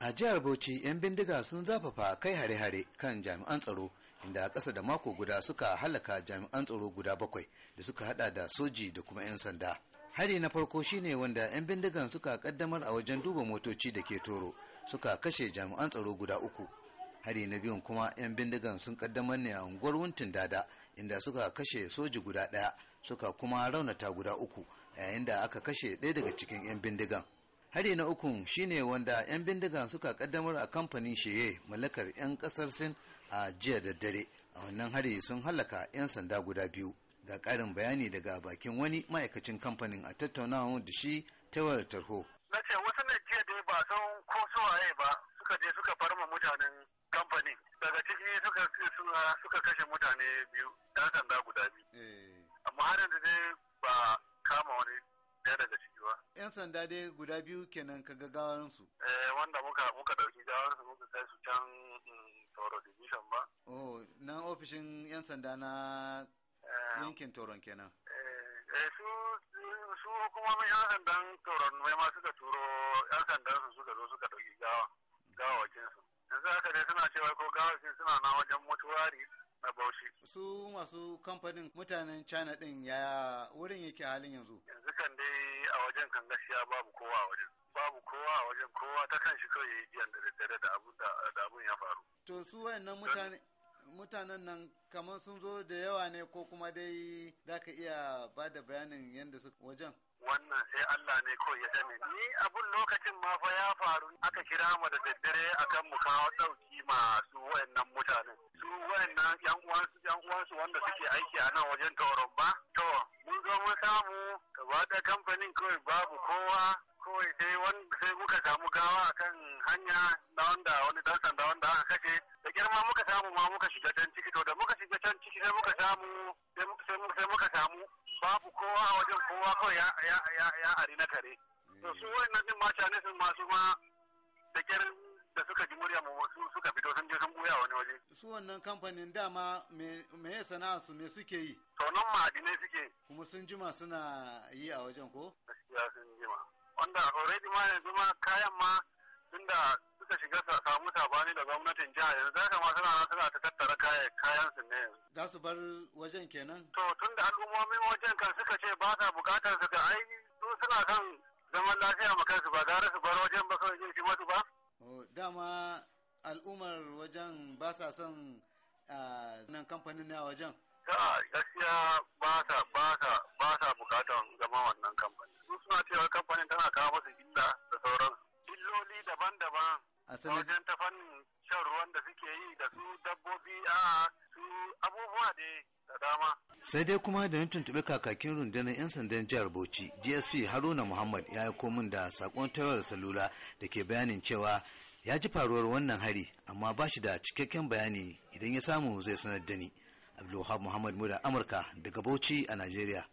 a jihar bauchi 'yan bindiga sun zafafa kai hare-hare kan jami'an tsaro inda a ƙasa da mako guda suka halaka jami'an tsaro guda bakwai da suka hada da soji da kuma 'yan sanda hari na farko shine wanda 'yan bindigan suka kaddamar a wajen duba motoci da ke toro suka kashe jami'an tsaro guda uku hari na biyun kuma 'yan bindigan sun kaddamar ne a unguwar wuntin dada inda suka kashe soji guda ɗaya suka kuma raunata guda uku yayin da aka kashe ɗaya daga cikin 'yan bindigan hari na ukun shine wanda 'yan bindiga suka kaddamar a kamfanin sheye mallakar 'yan kasar sin a jiya da dare a wannan hari sun halaka 'yan sanda guda biyu ga ƙarin bayani daga bakin wani ma'aikacin kamfanin a tattaunawa da shi ta wayar tarho na ce wasu ne jiya dai ba san ko suwaye ba suka je suka ma mutanen kamfanin daga ciki suka kashe mutane biyu 'yan sanda guda biyu eh. amma har da dai ba kama wani ɗaya daga ciki ba. 'Yan sanda dai guda biyu kenan ka ga su. Eh wanda muka muka ɗauki su muka kai su can mm, Toro Division ba. Oh nan ofishin 'yan sanda na eh, yankin Toron kenan. Eh, eh su su hukumomin 'yan sandan Toron mai ma suka turo 'yan sandan su suka zo suka ɗauki gawa gawawakin su. Yanzu haka dai suna cewa ko gawawakin suna na wajen mutuwari. na Bauchi. Su masu kamfanin mutanen China din ya wurin yake halin yanzu? Yanzu kan dai a wajen kan gaskiya babu kowa a wajen. Babu kowa a wajen kowa ta kan shi kawai ya yi daddare da daddare da abun ya faru. To su wayannan mutane mutanen nan kamar sun zo da yawa ne ko kuma dai za ka iya ba da bayanin yadda su wajen? wannan sai Allah ne ko ya sani ni abun lokacin ma fa ya faru aka kira mu da daddare akan mu kawo dauki masu wayannan mutane wasu yan uwansu wanda suke aiki a nan wajen tauron ba to mun zo mun samu gaba da kamfanin kawai babu kowa kawai sai sai muka samu gawa akan hanya na wanda wani dan sanda wanda aka kashe da girma muka samu ma muka shiga can ciki to da muka shiga can ciki sai muka samu sai muka samu babu kowa a wajen kowa kawai ya ya ya ari na kare to su wayannan din sun masu ma da girma da suka ji murya mu su suka fito sun je sun goya wani waje su wannan kamfanin dama me ya sana'a su me suke yi tonon ma'adinai suke kuma sun jima suna yi a wajen ko gaskiya sun jima wanda already ma yanzu ma kayan ma tun da suka shiga samu sabani da gwamnatin jiha yanzu ka ma suna suna ta tattara kayan su ne za su bar wajen kenan to tun da al'ummomin wajen kan suka ce ba sa bukatar su ga ai su suna kan zaman lafiya ma kansu ba gara su bar wajen ba kawai jin shi ba Oh, dama al'ummar wajen ba sa son ah, nan kamfanin na wajen gaskiya ba sa ba sa ba sa bukatan zama wannan kamfanin su suna cewa kamfanin tana kawo musu illa da sauran illoli daban-daban wajen ta fannin shan ruwan da suke yi da su dabbobi a abubuwa da da dama. Sai dai kuma da na tuntuɓi kakakin rundunar 'yan sandan jihar Bauchi dsp Haruna Muhammad ya yi komin da sakon tawar salula da ke bayanin cewa ya ji faruwar wannan hari amma ba shi da cikakken bayani idan ya samu zai sanar da ni. Abdulwahab Muhammad Muda Amurka daga Bauchi a Najeriya.